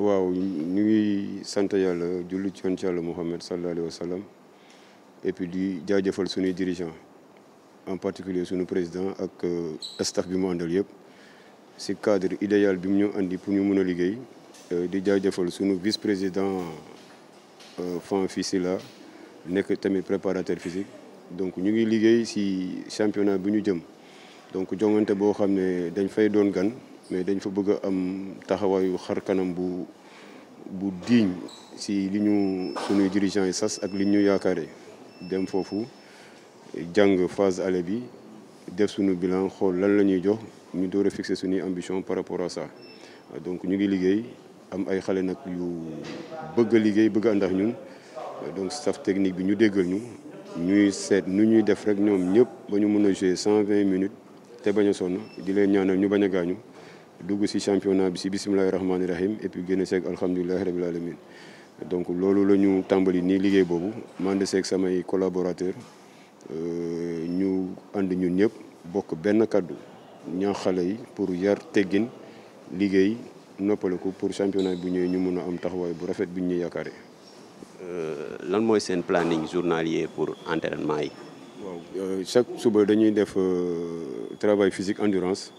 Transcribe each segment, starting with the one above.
waaw ñu ngi sant yàlla julli ci yonent yàlla Muhammad sallallahu alayhi sallam et puis di jaajëfal suñuy dirigeant en particulier suñu président ak euh, staff bi mu àndal yëpp si cadre idéal bi mu ñu andi pour ñu mun a liggéey euh, di jaajëfal suñu vice président euh, fan fii si la nekk tamit préparateur physique donc ñu ngi liggéey si championnat bi ñu jëm donc jongante boo xam ne dañ fay doon gan mais dañ fa bëgg am taxawaayu xar kanam bu bu diiñ si li ñu sunuy dirigeants yi sas ak li ñu yaakaare dem foofu jàng phase aller bi def suñu bilan xool lan la ñuy jox ñu door a fixer suñuy ambition par rapport à ça donc ñu ngi liggéey am ay xale nag yu bëgg a liggéey bëgg a ànd ñun donc staff technique bi ñu déggal ñu ñuy seet nu ñuy def rek ñoom ñëpp ba ñu mën a jouer cent vingt minutes te bañ a sonn di leen ñaanal ñu bañ a gaañu. dugg si championnat bi si bisimilahi rahmaani rahim et puis génn seeg alhamdulilahi rabil alamin donc loolu la ñu tàmbali nii liggéey boobu mande seeg samay collaborateur euh, ñu ànd ñun ñëpp bokk benn kàddu ñaa xale yi pour yar teggin liggéey noppaleku pour championnat bu ñëwee ñu mun a am taxawaay bu rafet bu ñu yaakaaree. Euh, lan mooy seen planning journalier pour entraînement yi. waaw euh, chaque suba dañuy def travail physique endurance.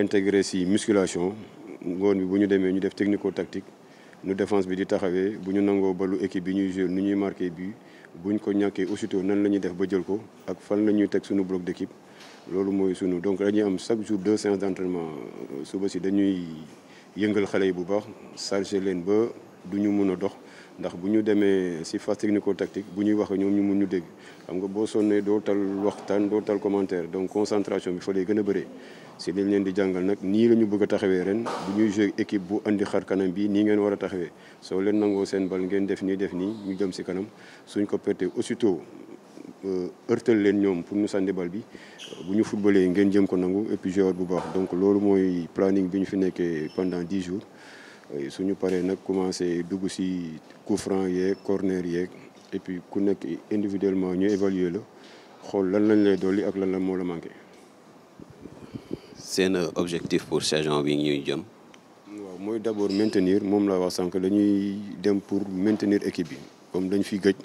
intégré si musculation ngoon bi bu ñu demee ñu def technico tactique nu défense bi di taxawee bu ñu nangoo balu équipe bi ñuy jouer nu ñuy marqué bi buñ ko ñàkkee aussitôt nan la ñuy def ba jël ko ak fan la ñuy teg suñu bloc d'équipe loolu mooy sunu donc dañuy am chaque jour deux séances d'entraînement suba si dañuy yëngal xale yi bu baax chargé leen ba du ñu mën a dox ndax bu ñu demee si phase technico-tactique bu ñuy waxee ñoom ñu mun ñu dégg xam nga boo sonnee doo tal waxtaan doo tal commentaire donc concentration bi fa lay gën a bëree si liñ leen di jàngal nag nii la ñu bëgg a taxawee ren bu ñuy joué équipe bu indi xar kanam bi nii ngeen war a taxawee soo leen nangoo seen bal ngeen def nii def nii ñu jëm si kanam suñ ko pertee aussitôt ërtal euh, leen ñoom pour ñu sànni bal bi bu ñu footballee ngeen jëm ko nangu et bu baax donc loolu mooy planning bi ñu fi nekkee pendant dix jours suñu paree nag commencé dugg si coup franc yeeg corner yeeg et ku nekk individuellement ñu évaluer la xool lan lañ lay dolli ak lan la moo la manqué. seen objectif pour saison bi ñuy jëm. waaw mooy d' abord maintenir moom laa wax sànq dañuy dem pour maintenir équipe bi comme dañ fi gëj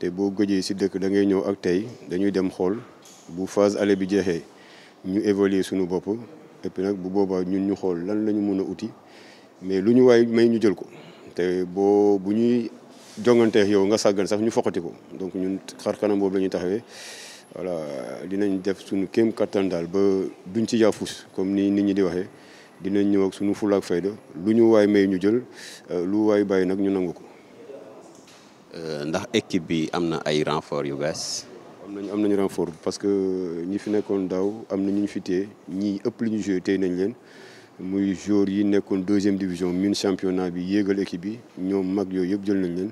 te boo gëjee si dëkk da ngay ñëw ak tey dañuy dem xool bu phase aller bi jeexee ñu évaluer sunu bopp et nag bu boobaa ñun ñu xool lan la ñu mën a uti. mais lu ñu waay may ñu jël ko te boo bu ñuy jongantee yow nga sàggan sax ñu foqati ko donc ñun xar kanam boobu la ñuy taxawee voilà dinañ def suñu kéem kattan daal ba duñ ci yaafus comme ni nit ñi di waxee dinañ ñëw ak suñu fulaak fayda lu ñu waay may ñu jël euh, lu waay bàyyi nag ñu nangu ko. Euh, ndax équipe bi am na ay renfort yu bees. am nañu am nañu renfort parce que euh, ñi fi nekkoon daaw am na ñu ñu ñii ëpp li ñu joué téye nañ leen. muy jour yi nekkoon deuxième division min championnat bi yéegal équipe bi ñoom mag yooyu yëpp jël nañ leen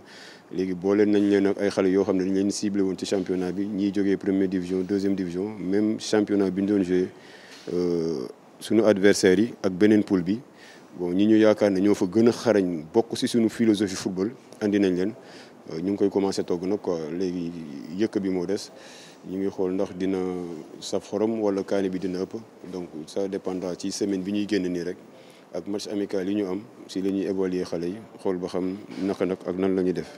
léegi boole nañ leen ay xale yoo xam ne dañ leen ciblé woon ci championnat bi ñiy jogee première division deuxième division même championnat bi ñu doon joué euh, suñu adversaires yi ak beneen poule bi bon ñi ñu yaakaar ne ñoo fa gën a xarañ bokk si suñu philosophie football indi nañ leen euh, ñu ngi koy commencé togg nag ko léegi yëkk bi moo des ñu ngi xool ndax dina saf xorom wala kaani bi dina ëpp donc sa dépendant ci semaine bi ñuy génn nii rek ak match amical yu ñu am si la ñuy évaluer xale yi xool ba xam naka nag ak nan la ñuy def.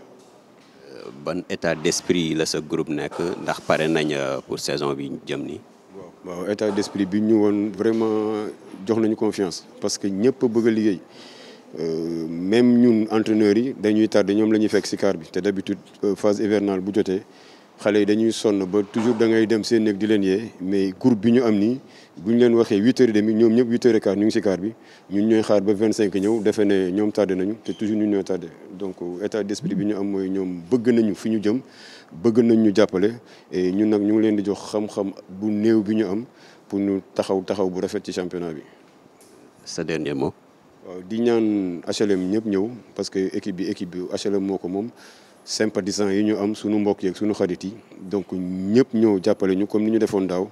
ban état d'esprit la sa groupe nekk ndax pare nañ euh, pour saison bi jëm nii. waaw waaw état d'esprit bi ñu woon vraiment jox nañu confiance parce que ñëpp bëgg a liggéey. Euh, même ñun entraîneurs yi dañuy tardé ñoom la ñuy fekk ci car bi te d'habitude euh, phase hivernale bu jotee xale yi dañuy sonn ba toujours da ngay dem seen néeg di leen yee mais groupe bi ñu am nii bu ñu leen waxee huit heures et demi ñoom ñëpp huit heures et quart ñu ngi si car bi ñun ñooy xaar ba vingt cinq ñëw defe ne ñoom tardé nañu te toujours ñun ñoo tardé donc euh, état d'esprit bi ñu am mooy ñoom bëgg nañu fi ñu jëm bëgg nañ ñu jàppale et ñun nag ñu leen di jox xam-xam bu néew bi ñu am pour ñu taxaw taxaw bu rafet ci championnat bi. sa dernier mot. waaw di ñaan HLM ñëpp ñëw parce que équipe bi équipe bi HLM moo ko moom. sympathisants yi ñu am suñu mbokk yeeg suñu xarit yi donc ñëpp ñëw jàppale ñu comme ni ñu defoon daaw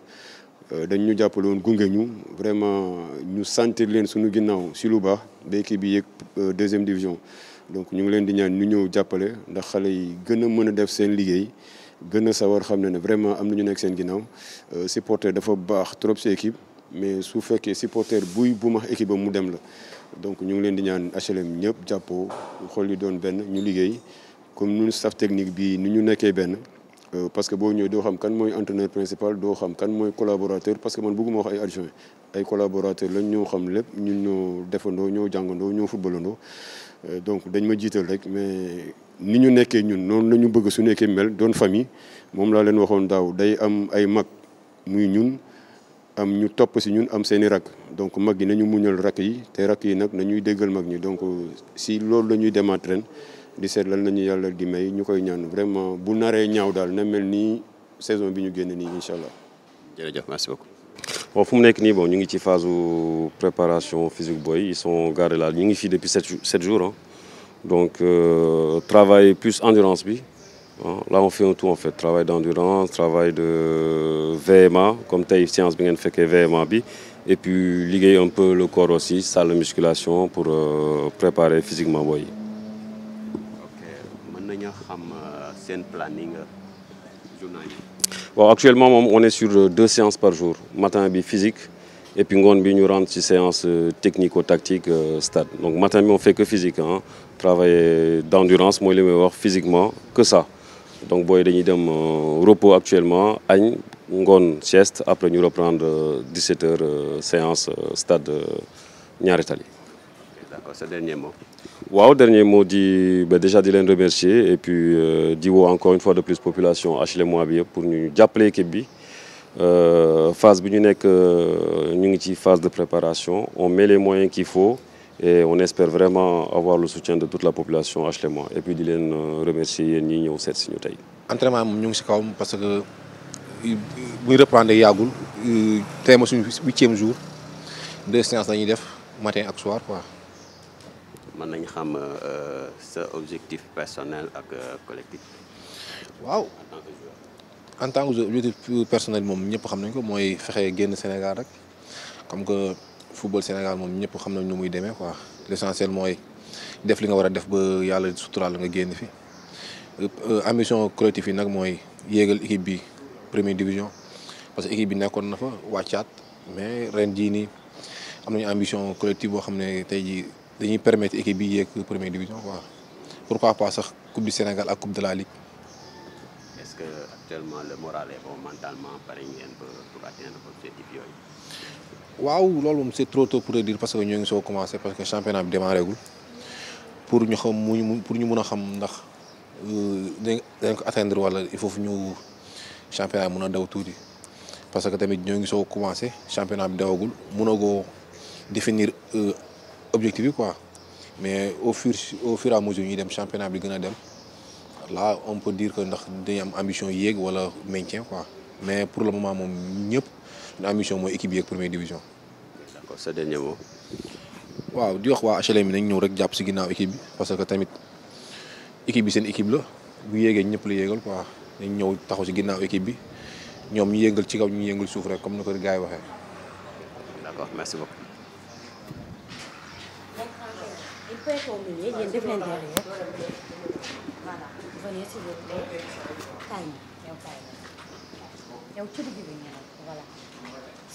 euh, dañ ñu jàppale woon gunge ñu vraiment ñu sentir leen suñu ginnaaw si lu baax ba équipe bi yeeg euh, deuxième division donc ñu ngi leen di ñaan ñu ñëw jàppale ndax yi gën a mën a def seen liggéey gën a sawar xam ne ne vraiment am na ñu nekk seen ginnaaw euh, supporter dafa baax trop si équipe mais su fekkee supporter buy bu max équipe mu dem la donc ñu ngi leen di ñaan HLM ñëpp jàppoo xool yi doon benn ñu liggéey comme nu ñun staff technique bi ni ñu nekkee benn euh, parce que boo ñëwee doo xam kan mooy entraîneur principal doo xam kan mooy collaborateur parce que man bëgguma wax ay adjoint ay collaborateur lañ ñoo xam lépp ñun ñoo defandoo ñoo jàngandoo ñoo footballandoo euh, donc dañ ma jiital rek mais ni ñu nekkee ñun noonu la ñu bëgg su nekkee mel doon famille moom laa leen waxoon daaw day am ay mag muy ñun am ñu topp si ñun am seen i rakk donc mag yi nañu muñal rakk yi te rakk yi nag nañuy déggal mag ñi donc euh, si loolu la ñuy demaat ren di seet lan la ñu yàlla di may ñu koy ñaan vraiment bu naree ñaaw daal na mel nii saison bi ñu génn nii incha allah. jërëjëf merci beaucoup. fu mu nekk nii bon ñu ngi ci phase préparation physique booy ils sont garés là ñu ngi fii depuis sept sept jours donc euh, travail plus endurance bi on fait un tout en fait travail d'endurance travail de euh, VMA comme tey séance bi ngeen fekkee VMA bi et puis liggéey un peu le corps aussi salle de musculation pour euh, préparer physiquement booy. seen planning euh, journalier bon actuellement moom on est sur euh, deux par jour matin bi physique et puis ngoon bi ñu rentre ci séance euh, technico-tactique stade donc matin bi on fait que physique ah travailler d'endurance mooy li may wax physiquement que ça donc booy dañuy dem repos actuellement añ ngoon sieste après ñu reprendre 17 heures séance stade Niary waaw dernier moo di ba déjà di leen remercier et puis euh, di woo encore une fois de plus population HLM bi yëpp pour ñu jàppale équipe bi euh, phase bi ñu nekk euh, ñu ngi ci phase de préparation on met les moyens qu'il faut et on espère vraiment avoir le soutien de toute la population HLM et puis di leen remercier yéen ñi ñëw seet si ñu tey. entraînement moom ñu ngi si kaw parce que bu ñu reprendre yàggul tey ma suñu huitième jour deux séances la ñuy def matin ak soir quoi. mën nañ xam euh, euh, sa objectif personnel ak euh, collectif. waaw en tant que objectif personnel moom ñëpp xam nañ ko mooy fexe génn Sénégal rek comme que football Sénégal moom ñëpp xam nañ nu muy demee quoi l'essentiel mooy def li nga war a def ba yàlla suturaal nga génn fi ambition collectif yi nag mooy yéegal équipe bi première division parce que équipe bi nekkoon na fa wàccaat mais ren jii nii am nañu ambition collective boo xam ne tey jii. dañuy permettre équipe bi yeeg première division quoi pourquoi pas sax coupe du Sénégal ak ce que actuellement waaw loolu moom c'est trop tôt pour le parce que ñoo ngi soo commencé parce que championnat bi démarré pour ñu xam mu pour ñu mun a xam ndax euh, dañ ko attendre wala il faut ñu championnat mun a daw tuuti parce que tamit ñoo ngi soo commencé championnat bi dawagul munagoo définir. Euh, objectif bi quoi mais au fur au fur et ñuy dem championnat bi gën a dem là on peut diir que ndax dañu am ambition yéeg wala maintien quoi mais pour le moment moom ñëpp une ambition mooy équipe yeeg première division. waaw di wax waa HLM bi nañ ñëw rek jàpp si ginnaaw équipe bi parce que tamit équipe bi seen équipe la bu yéegee ñëpp la yéegal quoi dañ ñëw taxaw si ginnaaw équipe bi ñoom ñu yëngal ci kaw ñu yëngal suuf rek comme ni ko gars yi pouvez être au milieu yéen def leen derrière voilà venez s'il vous plaît kaay na yow kaay na yow ci digg bi ñëw voilà.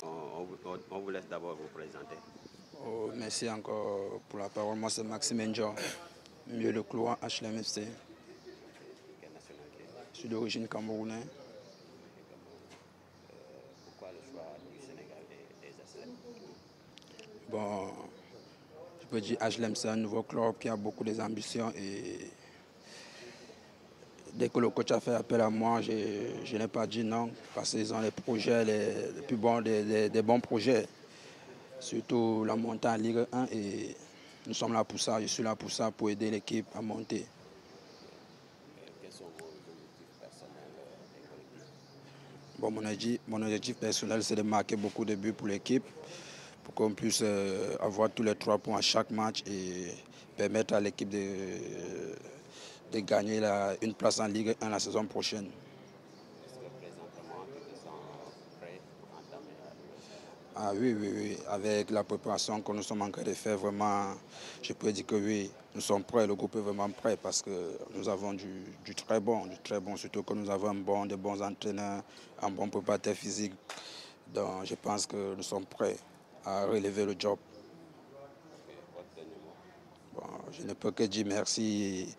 on on vous laisse d'abord vous présenter. Oh, merci encore pour la parole moi c'est Maxime Ndior milieu de cloître HLMFC. Je suis d'origine camerounaise. Pourquoi le choix du Sénégal et des HLM? Bon. Petit HLM, c'est un nouveau club qui a beaucoup des ambitions et dès que le coach a fait appel à moi, je, n'ai pas dit non parce qu'ils les projets, les, bons, projets. Surtout la montée Ligue et nous sommes là pour ça. Je suis là pour ça, pour aider l'équipe à monter. Euh, mon objectif personnel, c'est de marquer beaucoup de buts pour l'équipe. pour qu'on puisse euh, avoir tous les trois points à chaque match et permettre à l'équipe de, de gagner la, une place en Ligue 1 la saison prochaine. Ah oui, oui, oui. Avec la préparation que nous sommes en train de faire, vraiment, je peux dire que oui, nous sommes prêts, le groupe est vraiment prêt parce que nous avons du, du très bon, du très bon, surtout que nous avons un bon, de bons entraîneurs, un bon préparateur physique. Donc je pense que nous sommes prêts. à relever le job. Bon, je ne peux que dire merci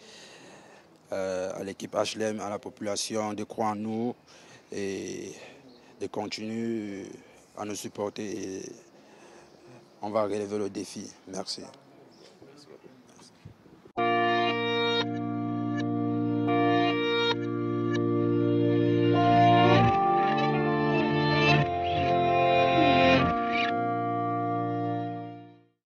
euh, à l'équipe HLM, à la population de croire en nous et de continuer à nous supporter. Et on va relever le défi. Merci.